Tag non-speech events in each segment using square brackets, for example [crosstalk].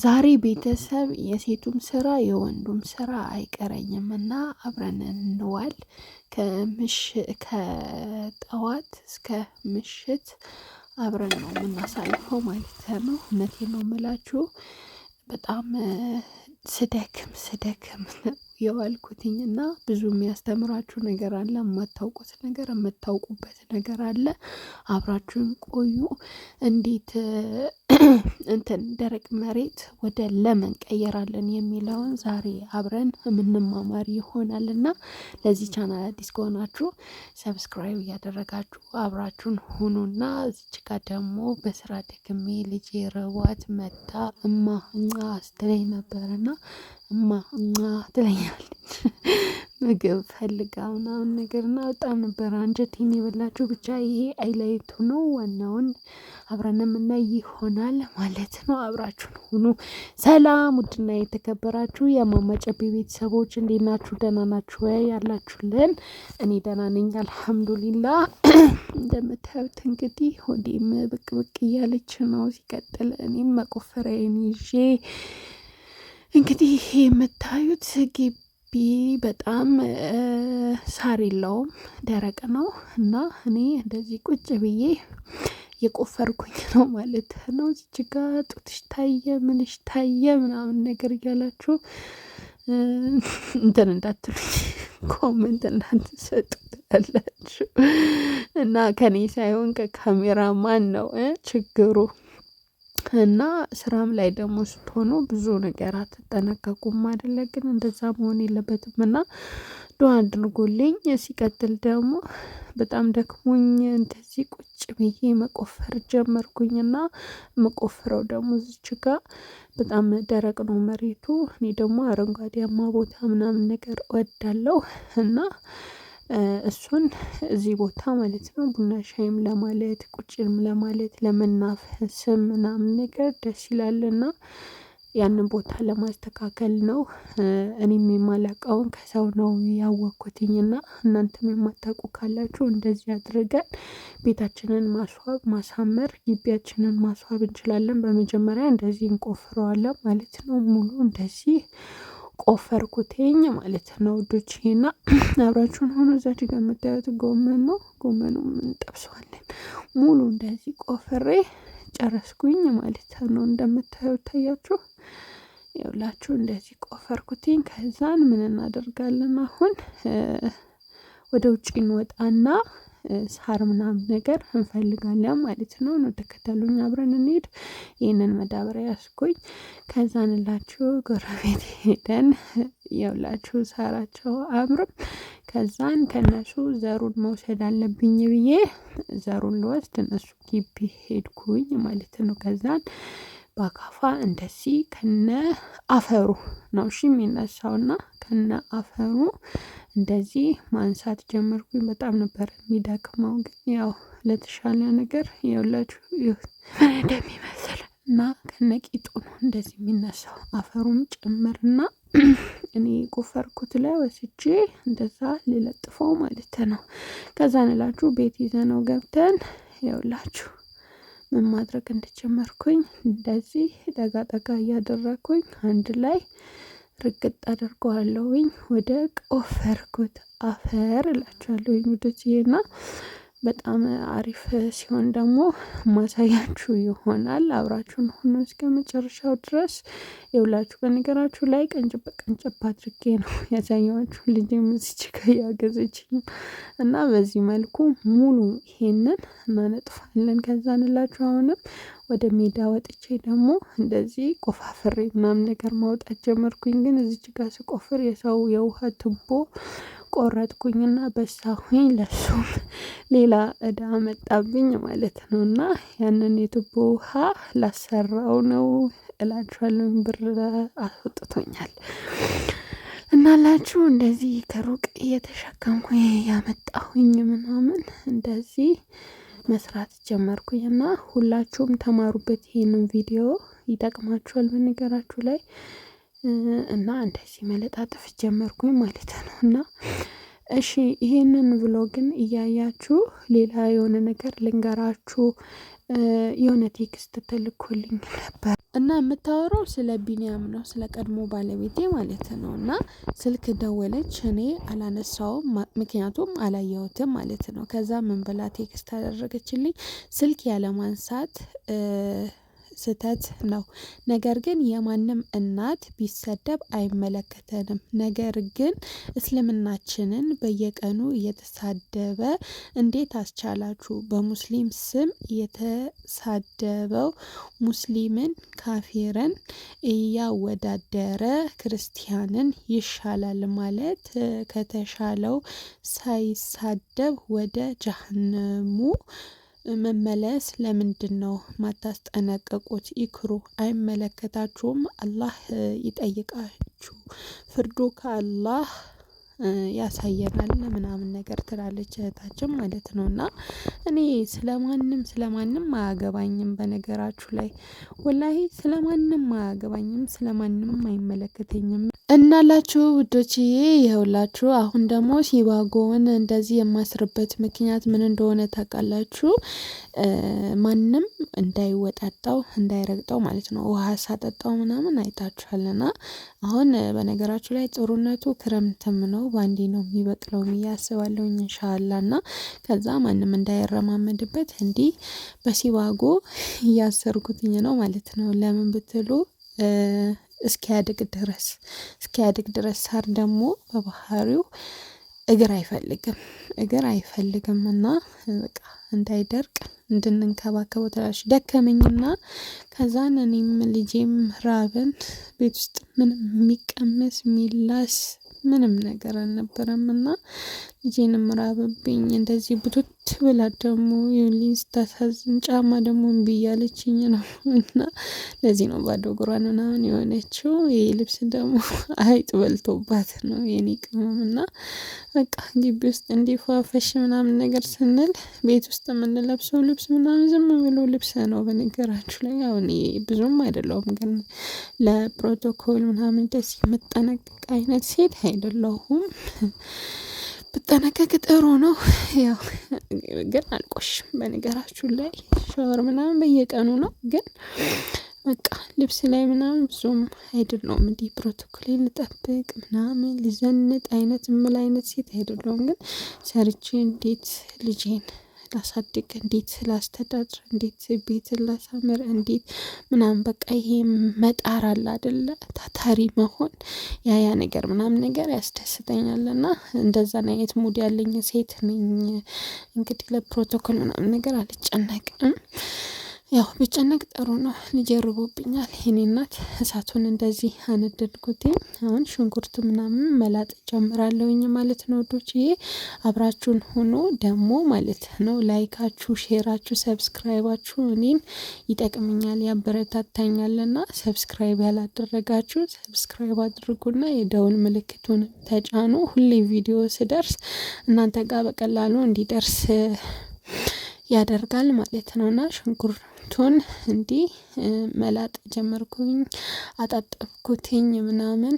ዛሬ ቤተሰብ የሴቱም ስራ የወንዱም ስራ አይቀረኝም እና አብረን እንዋል። ከጠዋት እስከ ምሽት አብረን ነው የምናሳልፈው ማለት ነው። እውነቴን ነው የምላችሁ በጣም ስደክም ስደክም የዋልኩትኝ እና ብዙ የሚያስተምራችሁ ነገር አለ፣ የማታውቁት ነገር የምታውቁበት ነገር አለ። አብራችሁን ቆዩ። እንዴት [clears throat] እንትን ደረቅ መሬት ወደ ለም ቀየራለን የሚለውን ዛሬ አብረን የምንማማር ይሆናል እና ለዚህ ቻናል አዲስ ከሆናችሁ ሰብስክራይብ እያደረጋችሁ አብራችሁን ሁኑና እዚች ጋ ደግሞ በስራ ደክሜ ልጄ ረዋት መታ እማ አስትለኝ ነበር እማ እማ ትለኛል ምግብ ፈልጋ ምናምን ነገር እና በጣም ነበር አንጀቴን የበላችሁ። ብቻ ይሄ አይላይቱ ነው። ዋናውን አብረን የምናይ ይሆናል ማለት ነው። አብራችሁን ሁኑ። ሰላም ውድና የተከበራችሁ የማማጨቤ ቤተሰቦች እንዴት ናችሁ? ደህና ናችሁ ወይ? ያላችሁልን እኔ ደህና ነኝ አልሐምዱሊላ። እንደምታዩት እንግዲህ ሆዴም ብቅ ብቅ እያለች ነው። ሲቀጥል እኔም መቆፈሪያዬን ይዤ እንግዲህ ይሄ የምታዩት ግቢ በጣም ሳር የለውም፣ ደረቅ ነው እና እኔ እንደዚህ ቁጭ ብዬ የቆፈርኩኝ [laughs] ነው ማለት ነው። እዚች ጋ ጡትሽ ታየ ምንሽ ታየ ምናምን ነገር እያላችሁ እንትን እንዳትሉኝ ኮመንት እንዳትሰጡ ትላላችሁ እና ከኔ ሳይሆን ከካሜራ ማን ነው ችግሩ። እና ስራም ላይ ደግሞ ስትሆኑ ብዙ ነገር አትጠነቀቁም አይደለ? ግን እንደዛ መሆን የለበትም እና ዱአ አድርጎልኝ። ሲቀጥል ደግሞ በጣም ደክሞኝ እንደዚህ ቁጭ ብዬ መቆፈር ጀመርኩኝ ና መቆፍረው ደግሞ ዝች ጋ በጣም ደረቅ ነው መሬቱ። እኔ ደግሞ አረንጓዴያማ ቦታ ምናምን ነገር እወዳለሁ እና እሱን እዚህ ቦታ ማለት ነው ቡና ሻይም ለማለት ቁጭም ለማለት ለመናፈስም ምናምን ነገር ደስ ይላልና ያንን ቦታ ለማስተካከል ነው። እኔም የማላቀውን ከሰው ነው ያወቅኩትኝ እና እናንተም የማታውቁ ካላችሁ እንደዚህ አድርገን ቤታችንን ማስዋብ ማሳመር ግቢያችንን ማስዋብ እንችላለን። በመጀመሪያ እንደዚህ እንቆፍረዋለን ማለት ነው ሙሉ እንደዚህ ቆፈርኩትኝ ማለት ነው ውዶቼ፣ ና [clears throat] አብራችሁን ሆኖ እዛች ጋ የምታዩት ጎመን ነው። ጎመኑ እንጠብሰዋለን ሙሉ እንደዚህ ቆፍሬ ጨረስኩኝ ማለት ነው። እንደምታዩት ታያችሁ የሁላችሁ እንደዚህ ቆፈርኩትኝ። ከዛን ምን እናደርጋለን አሁን ወደ ውጭ እንወጣና ሳር ምናምን ነገር እንፈልጋለን ማለት ነው። ነው ተከተሉኝ አብረን እንሄድ። ይህንን መዳበሪያ ያስኩኝ ከዛን ላችሁ ጎረቤት ሄደን የውላችሁ ሳራቸው አያምርም። ከዛን ከነሱ ዘሩን መውሰድ አለብኝ ብዬ ዘሩን ልወስድ እነሱ ግቢ ሄድኩኝ ማለት ነው። ከዛን በአካፋ እንደዚህ ከነ አፈሩ ነው እሺ የሚነሳውና ከነ አፈሩ እንደዚህ ማንሳት ጀመርኩኝ። በጣም ነበር የሚደክመው፣ ግን ያው ለተሻለ ነገር የሁላችሁ እንደሚመስል እና ከነቂጡ ነው እንደዚህ የሚነሳው አፈሩም ጭምርና እኔ ቆፈርኩት ላይ ወስጄ እንደዛ ልለጥፈው ማለት ነው። ከዛ ንላችሁ ቤት ይዘነው ገብተን የውላችሁ ምን ማድረግ እንደጀመርኩኝ እንደዚህ ጠጋ ጠጋ እያደረግኩኝ አንድ ላይ ርግጥ አድርገዋለሁኝ ወደ ቆፈርኩት አፈር እላችኋለሁ ውዶችዬ እና በጣም አሪፍ ሲሆን ደግሞ ማሳያችሁ ይሆናል። አብራችሁን ሁኑ እስከ መጨረሻው ድረስ የውላችሁ። በነገራችሁ ላይ ቀንጭብ ቀንጭብ አድርጌ ነው [laughs] ያሳየኋችሁ። ልጅ ምስች ያገዘችኝ እና በዚህ መልኩ ሙሉ ይሄንን እናነጥፋለን። ከዛ እንላችሁ አሁንም ወደ ሜዳ ወጥቼ ደግሞ እንደዚህ ቆፋፍሬ ምናምን ነገር ማውጣት ጀመርኩኝ። ግን እዚች ጋ ስቆፍር የሰው የውሃ ትቦ ቆረጥኩኝና በሳሁኝ ለሱም ሌላ እዳ መጣብኝ ማለት ነው። እና ያንን የቱቦ ውሃ ላሰራው ነው እላችኋለሁ። ብር አስወጥቶኛል። እናላችሁ እንደዚህ ከሩቅ እየተሸከምኩኝ ያመጣሁኝ ምናምን እንደዚህ መስራት ጀመርኩኝ እና ሁላችሁም ተማሩበት። ይህንን ቪዲዮ ይጠቅማችኋል። በነገራችሁ ላይ እና እንደዚህ መለጣጠፍ ጀመርኩኝ ማለት ነው። እና እሺ ይሄንን ብሎግን እያያችሁ ሌላ የሆነ ነገር ልንገራችሁ። የሆነ ቴክስት ተልኮልኝ ነበር እና የምታወራው ስለ ቢንያም ነው፣ ስለ ቀድሞ ባለቤቴ ማለት ነው። እና ስልክ ደወለች፣ እኔ አላነሳውም፣ ምክንያቱም አላየሁትም ማለት ነው። ከዛ ምን ብላ ቴክስት አደረገችልኝ ስልክ ያለማንሳት ስህተት ነው። ነገር ግን የማንም እናት ቢሰደብ አይመለከተንም። ነገር ግን እስልምናችንን በየቀኑ እየተሳደበ እንዴት አስቻላችሁ? በሙስሊም ስም የተሳደበው ሙስሊምን ካፊርን እያወዳደረ ክርስቲያንን ይሻላል ማለት ከተሻለው ሳይሳደብ ወደ ጀሀነሙ መመለስ ለምንድነው ማታስጠነቀቁት ይክሩ አይመለከታችሁም? አላህ ይጠይቃችሁ። ፍርዱ ከአላህ ያሳየናል ምናምን ነገር ትላለች እህታችን ማለት ነው። እና እኔ ስለማንም ስለማንም አያገባኝም በነገራችሁ ላይ ወላሂ ስለማንም አያገባኝም ስለማንም አይመለከተኝም። እናላችሁ ውዶችዬ ይኸውላችሁ አሁን ደግሞ ሲባጎን እንደዚህ የማስርበት ምክንያት ምን እንደሆነ ታውቃላችሁ? ማንም እንዳይወጣጣው እንዳይረግጠው ማለት ነው። ውሃ ሳጠጣው ምናምን አይታችኋልና አሁን በነገራችሁ ላይ ጥሩነቱ ክረምትም ነው ባንዴ ነው የሚበቅለው ብዬ አስባለሁኝ እንሻላ እና ከዛ ማንም እንዳይረማመድበት እንዲህ በሲባጎ እያሰርኩትኝ ነው ማለት ነው። ለምን ብትሉ እስኪያድግ ድረስ እስኪያድግ ድረስ ሳር ደግሞ በባህሪው እግር አይፈልግም እግር አይፈልግም እና በቃ እንዳይደርቅ እንድንንከባከበው ትላለች። ደከመኝና ከዛን እኔም ልጄም ራብን ቤት ውስጥ ምንም የሚቀመስ የሚላስ ምንም ነገር አልነበረም እና ልጄንም ራብብኝ እንደዚህ ብቱት ብላ ደግሞ የሁሊን ስታሳዝን ጫማ ደግሞ እምቢ እያለችኝ ነው [laughs] እና ለዚህ ነው ባዶ እግሯን ምናምን የሆነችው። ይህ ልብስ ደግሞ [laughs] አይጥ በልቶባት ነው የኔ ቅመም እና በቃ ግቢ ውስጥ እንዲፏፈሽ ምናምን ነገር ስንል ቤት ውስጥ የምንለብሰው ልብስ ምናምን ዝም ብሎ ልብስ ነው። በነገራችሁ ላይ አሁን ብዙም አይደለሁም፣ ግን ለፕሮቶኮል ምናምን ደስ የምጠነቀቅ አይነት ሴት አይደለሁም። ብጠነቀቅ ጥሩ ነው። ያው ግን አልቆሽም። በነገራችሁ ላይ ሻወር ምናምን በየቀኑ ነው። ግን በቃ ልብስ ላይ ምናምን ብዙም አይደለውም። እንዲህ ፕሮቶኮል ልጠብቅ ምናምን ልዘንጥ አይነት ምል አይነት ሴት አይደለውም። ግን ሰርቼ እንዴት ልጄን ላሳድግ፣ እንዴት ላስተዳድር፣ እንዴት ቤት ላሳምር፣ እንዴት ምናምን በቃ ይሄ መጣር አለ አደለ ታታሪ መሆን ያ ያ ነገር ምናምን ነገር ያስደስተኛል። እና እንደዛ አይነት ሙድ ያለኝ ሴት ነኝ። እንግዲህ ለፕሮቶኮል ምናምን ነገር አልጨነቅም። ያው ቢጨነቅ ጥሩ ነው። ልጅ ርቦብኛል። የኔ እናት እሳቱን እንደዚህ አነደድኩት። አሁን ሽንኩርት ምናምን መላጥ ጀምራለሁኝ ማለት ነው። ይሄ አብራችሁን ሆኖ ደግሞ ማለት ነው ላይካችሁ፣ ሼራችሁ፣ ሰብስክራይባችሁ እኔን ይጠቅምኛል ያበረታታኛልና ሰብስክራይብ ያላደረጋችሁ ሰብስክራይብ አድርጉና የደውል ምልክቱን ተጫኑ። ሁሌ ቪዲዮ ስደርስ እናንተ ጋር በቀላሉ እንዲደርስ ያደርጋል ማለት ነውና ሽንኩርት ቱን እንዲህ መላጥ ጀመርኩኝ፣ አጣጠብኩትኝ ምናምን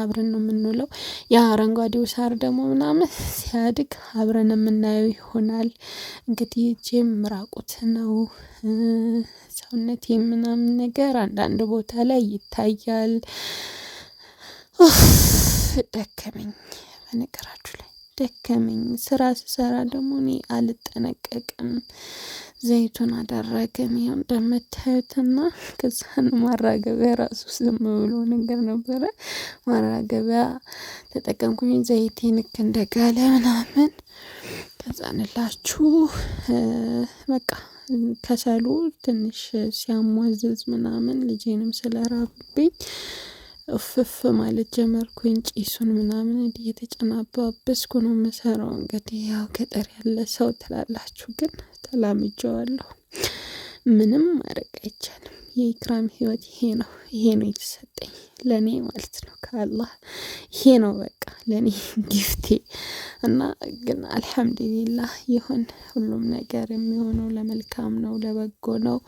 አብረን ነው የምንውለው። ያ አረንጓዴው ሳር ደግሞ ምናምን ሲያድግ አብረን የምናየው ይሆናል። እንግዲህ እጄም ራቁት ነው ሰውነቴ ምናምን ነገር አንዳንድ ቦታ ላይ ይታያል። ደከመኝ፣ በነገራችሁ ላይ ደከመኝ። ስራ ስሰራ ደግሞ እኔ አልጠነቀቅም። ዘይቱን አደረግን እንደምታዩት እንደምታዩትና ከዛን ማራገቢያ ራሱ ዝም ብሎ ነገር ነበረ። ማራገቢያ ተጠቀምኩኝ ዘይቴ ንክ እንደጋለ ምናምን ከዛንላችሁ በቃ ከሰሉ ትንሽ ሲያሟዝዝ ምናምን ልጄንም ስለራብብኝ እፍፍ ማለት ጀመርኩኝ። ጭሱን ምናምን እንዲህ የተጨናባበስኩ ነው የምሰራው። እንግዲህ ያው ገጠር ያለ ሰው ትላላችሁ ግን ተላምጀዋለሁ። ምንም ማድረግ አይቻልም። የኢክራም ህይወት ይሄ ነው። ይሄ ነው የተሰጠኝ ለእኔ ማለት ነው ከአላህ ይሄ ነው በቃ ለእኔ [laughs] ጊፍቴ እና ግን አልሐምዱሊላህ ይሁን። ሁሉም ነገር የሚሆነው ለመልካም ነው፣ ለበጎ ነው።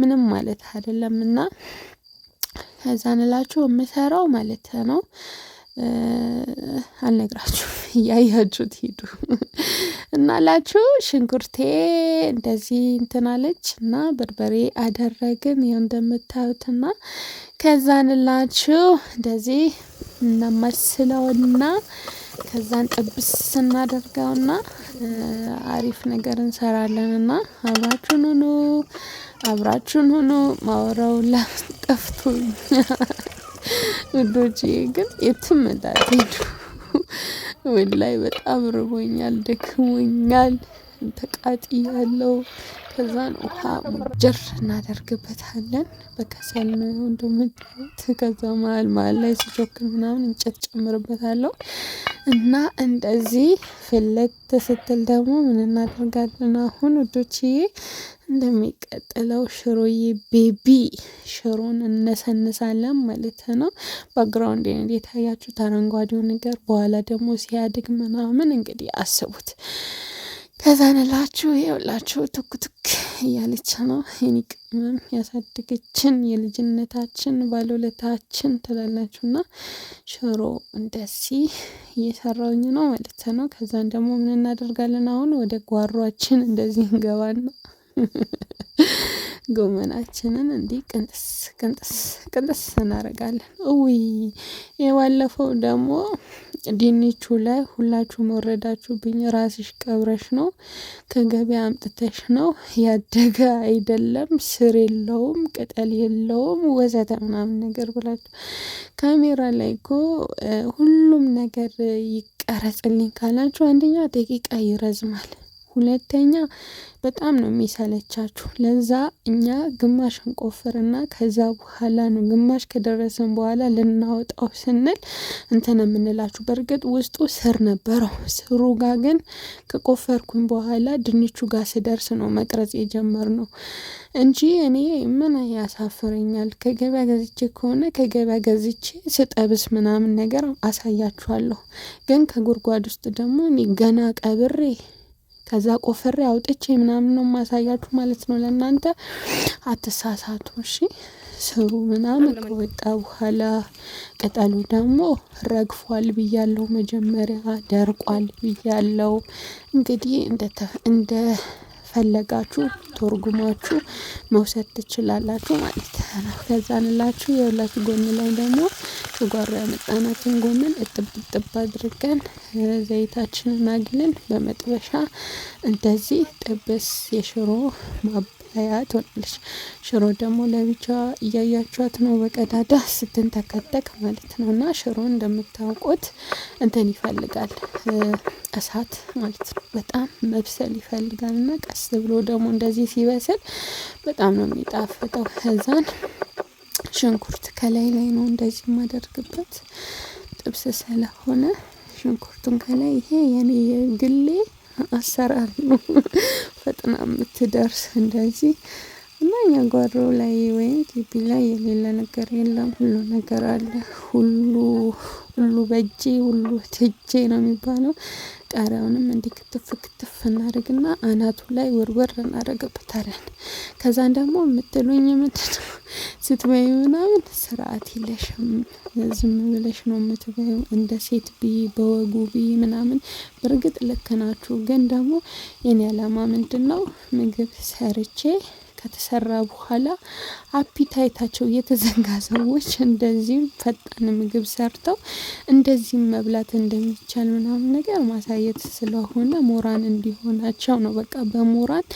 ምንም ማለት አይደለም እና ከዛን የምሰራው ማለት ነው አልነግራችሁም፣ [laughs] እያያችሁት ሂዱ። እናላችሁ ሽንኩርቴ እንደዚህ እንትናለች እና በርበሬ አደረግን። ይኸው እንደምታዩትና ከዛን ላችሁ እንደዚህ እናማስለውና ከዛን ጥብስ እናደርገውና አሪፍ ነገር እንሰራለን እንሰራለንና አብራችሁን ሁኑ፣ አብራችሁን ሁኑ። ማወራው ለጠፍቶኛ [laughs] ውዶች፣ ግን የትም እንዳትሄዱ ወላይ በጣም ርቦኛል፣ ደክሞኛል። ተቃጥያለሁ። ከዛን ውሃ ጀር እናደርግበታለን በቃ ነው እንደምታዩት። ከዛ መሀል መሀል ላይ ሲቾክን ምናምን እንጨት ጨምርበታለሁ እና እንደዚህ ፍለት ስትል ደግሞ ምን እናደርጋለን አሁን ውዶችዬ? እንደሚቀጥለው ሽሮዬ ቤቢ ሽሮን እነሰንሳለን ማለት ነው። ባግራውንድ የታያችሁት አረንጓዴው ነገር በኋላ ደግሞ ሲያድግ ምናምን እንግዲህ አስቡት። ከዛን ላችሁ የውላችሁ ትኩትክ እያለች ነው የኔ ቅመም ያሳደገችን የልጅነታችን ባለውለታችን ትላላችሁና ሽሮ እንደዚህ እየሰራውኝ ነው ማለት ነው። ከዛን ደግሞ ምን እናደርጋለን? አሁን ወደ ጓሯችን እንደዚህ እንገባና [laughs] ጎመናችንን እንዲህ ቅንጥስ ቅንጥስ ቅንጥስ እናደርጋለን። እውይ የባለፈው ደግሞ ድንቹ ላይ ሁላችሁም ወረዳችሁብኝ። ራስሽ ቀብረሽ ነው ከገበያ አምጥተሽ ነው ያደገ አይደለም፣ ስር የለውም፣ ቅጠል የለውም ወዘተ ምናምን ነገር ብላችሁ ካሜራ ላይ እኮ ሁሉም ነገር ይቀረጽልኝ ካላችሁ አንደኛ ደቂቃ ይረዝማል። ሁለተኛ በጣም ነው የሚሰለቻችሁ። ለዛ እኛ ግማሽ እንቆፍርና ከዛ በኋላ ነው ግማሽ ከደረሰን በኋላ ልናወጣው ስንል እንትን የምንላችሁ። በእርግጥ ውስጡ ስር ነበረው። ስሩ ጋ ግን ከቆፈርኩኝ በኋላ ድንቹ ጋር ስደርስ ነው መቅረጽ የጀመርነው እንጂ እኔ ምን ያሳፍረኛል። ከገበያ ገዝቼ ከሆነ ከገበያ ገዝቼ ስጠብስ ምናምን ነገር አሳያችኋለሁ። ግን ከጉድጓድ ውስጥ ደግሞ እኔ ገና ቀብሬ ከዛ ቆፍሬ አውጥቼ ምናምን ነው ማሳያችሁ ማለት ነው። ለእናንተ አትሳሳቱ፣ እሺ ስሩ ምናምን። ከወጣ በኋላ ቅጠሉ ደግሞ ረግፏል ብያለው፣ መጀመሪያ ደርቋል ብያለው። እንግዲህ እንደ ፈለጋችሁ ተርጉማችሁ መውሰድ ትችላላችሁ ማለት ነው። ከዛንላችሁ የሁለት ጎን ላይ ደግሞ ከጓሮ ያመጣናትን ጎመን እጥብ ጥብ አድርገን ዘይታችንን አግለን በመጥበሻ እንደዚህ ጥብስ የሽሮ ማባያ ትሆናለች። ሽሮ ደግሞ ለብቻ እያያችኋት ነው፣ በቀዳዳ ስትንተከተክ ማለት ነው። እና ሽሮ እንደምታውቁት እንትን ይፈልጋል እሳት ማለት ነው። በጣም መብሰል ይፈልጋል እና ቀስ ብሎ ደግሞ እንደዚህ ሲበስል በጣም ነው የሚጣፍጠው ህዛን ሽንኩርት ከላይ ላይ ነው እንደዚህ የማደርግበት ጥብስ ስለሆነ ሽንኩርቱን ከላይ። ይሄ የኔ የግሌ አሰራር ነው። [laughs] ፈጥና የምትደርስ እንደዚህ እና እኛ ጓሮ ላይ ወይም ግቢ ላይ የሌለ ነገር የለም። ሁሉ ነገር አለ። ሁሉ ሁሉ በእጄ ሁሉ ትጄ ነው የሚባለው። ቃሪያውንም እንዲህ ክትፍ ክትፍ እናደርግና አናቱ ላይ ወርወር እናደርግበታለን። ከዛን ደግሞ የምትሉኝ ምንድነው ስትበይ ምናምን ስርዓት የለሽም ዝም ብለሽ ነው የምትበይው፣ እንደ ሴት ቢ በወጉ ቢ ምናምን። በእርግጥ ልክ ናችሁ፣ ግን ደግሞ የኔ አላማ ምንድን ነው ምግብ ሰርቼ ከተሰራ በኋላ አፒታይታቸው የተዘጋ [laughs] ሰዎች እንደዚህም ፈጣን ምግብ ሰርተው እንደዚህም መብላት እንደሚቻል ምናምን ነገር ማሳየት ስለሆነ ሞራን እንዲሆናቸው ነው። በቃ በሞራን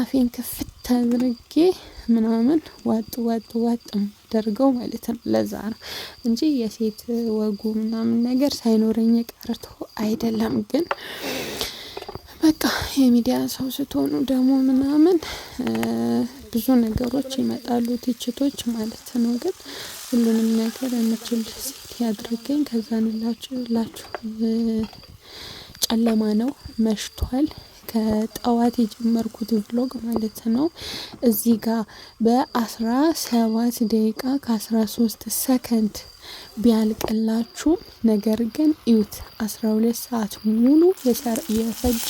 አፌን ክፍት አድርጌ ምናምን ዋጥ ዋጥ ዋጥ ደርገው ማለት ነው። ለዛ ነው እንጂ የሴት ወጉ ምናምን ነገር ሳይኖረኝ ቀርቶ አይደለም ግን በቃ የሚዲያ ሰው ስትሆኑ ደግሞ ምናምን ብዙ ነገሮች ይመጣሉ፣ ትችቶች ማለት ነው። ግን ሁሉንም ነገር የምችል ሴት ያድርገኝ። ከዛንላችሁ ላችሁ ጨለማ ነው መሽቷል። ከጠዋት የጀመርኩት ብሎግ ማለት ነው። እዚህ ጋር በአስራ ሰባት ደቂቃ ከአስራ ሶስት ሰከንድ ቢያልቅላችሁ፣ ነገር ግን እዩት፣ አስራ ሁለት ሰዓት ሙሉ የፈጀ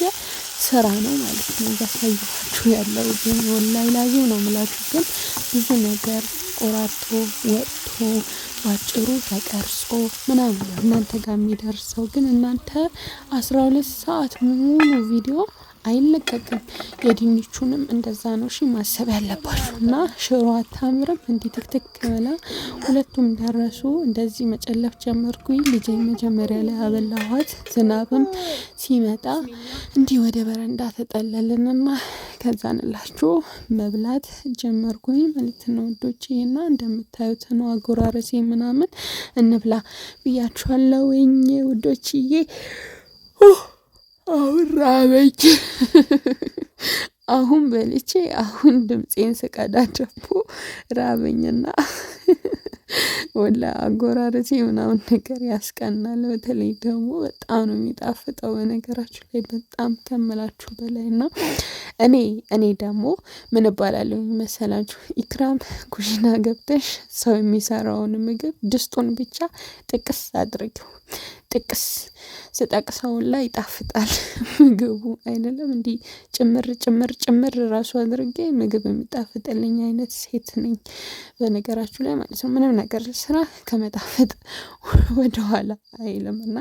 ስራ ነው ማለት ነው። እያሳየኋችሁ ያለው ግን ወላይ ላዩ ነው ምላችሁ ግን ብዙ ነገር ቆራርጦ ወጥቶ ባጭሩ ተቀርጾ ምናምን እናንተ ጋር የሚደርሰው ግን እናንተ አስራ ሁለት ሰዓት ሙሉ ቪዲዮ አይለቀቅም። የድንቹንም እንደዛ ነው ሺ ማሰብ ያለባችሁ እና ሽሮ አታምርም። እንዲ ትክትክ ብላ ሁለቱም ደረሱ። እንደዚህ መጨለፍ ጀመርኩኝ። ልጄ መጀመሪያ ላይ አበላኋት። ዝናብም ሲመጣ እንዲህ ወደ በረንዳ ተጠለልንና ከዛንላችሁ መብላት ጀመርኩኝ ማለት ነው ወዶቼ። እና እንደምታዩት ነው አጎራረሴ ምናምን እንብላ ብያችኋለሁ ውዶችዬ አሁን ራበች። አሁን በልቼ አሁን ድምፄን ስቀዳ ደግሞ ራበኝና ወላ አጎራረሴ ምናምን ነገር ያስቀናል። በተለይ ደግሞ በጣም ነው የሚጣፍጠው። በነገራችሁ ላይ በጣም ከምላችሁ በላይ እና እኔ እኔ ደግሞ ምን እባላለሁ የሚመሰላችሁ ኢክራም ኩሽና ገብተሽ ሰው የሚሰራውን ምግብ ድስጡን ብቻ ጥቅስ አድርጊው ጥቅስ ስጠቅሰውን ላይ ይጣፍጣል [laughs] ምግቡ አይደለም። እንዲህ ጭምር ጭምር ጭምር ራሱ አድርጌ ምግብ የሚጣፍጥልኝ አይነት ሴት ነኝ በነገራችሁ ላይ ማለት ነው ምንም ነገር ስራ ከመጣፈጥ ወደኋላ አይልም እና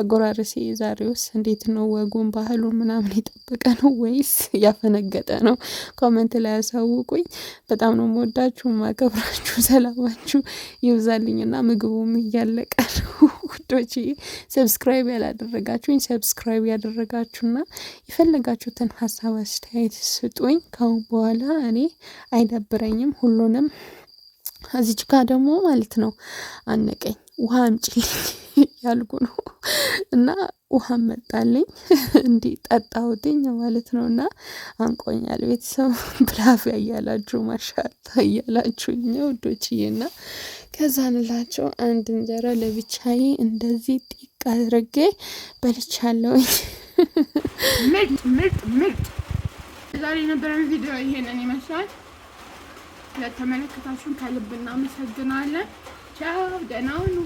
አጎራረሴ ዛሬውስ እንዴት ነው? ወጉን ባህሉን ምናምን የጠበቀ ነው ወይስ ያፈነገጠ ነው? ኮመንት ላይ ያሳውቁኝ። በጣም ነው መወዳችሁ ማከብራችሁ። ሰላማችሁ ይብዛልኝ እና ምግቡም እያለቀ ነው [laughs] ውዶች። ሰብስክራይብ ያላደረጋችሁኝ ሰብስክራይብ ያደረጋችሁና የፈለጋችሁትን ሀሳብ አስተያየት ስጡኝ። ካሁን በኋላ እኔ አይደብረኝም ሁሉንም እዚች ጋ ደግሞ ማለት ነው አነቀኝ፣ ውሃ አምጪልኝ [laughs] ያልኩ ነው እና ውሃ መጣልኝ፣ [laughs] እንዲህ ጠጣሁትኝ ማለት ነው እና አንቆኛል። ቤተሰብ [laughs] ብላፍ ያያላችሁ ማሻታ እያላችሁ እኛ ውዶችዬ እና ከዛ ንላቸው አንድ እንጀራ ለብቻዬ እንደዚህ ጢቅ አድርጌ በልቻለሁኝ። ምርጥ ምርጥ ምርጥ ዛሬ የነበረን ቪዲዮ ይሄንን ይመስላል። ለተመለከታችሁን ከልብ እናመሰግናለን። ቻው፣ ደህና ሁኑ።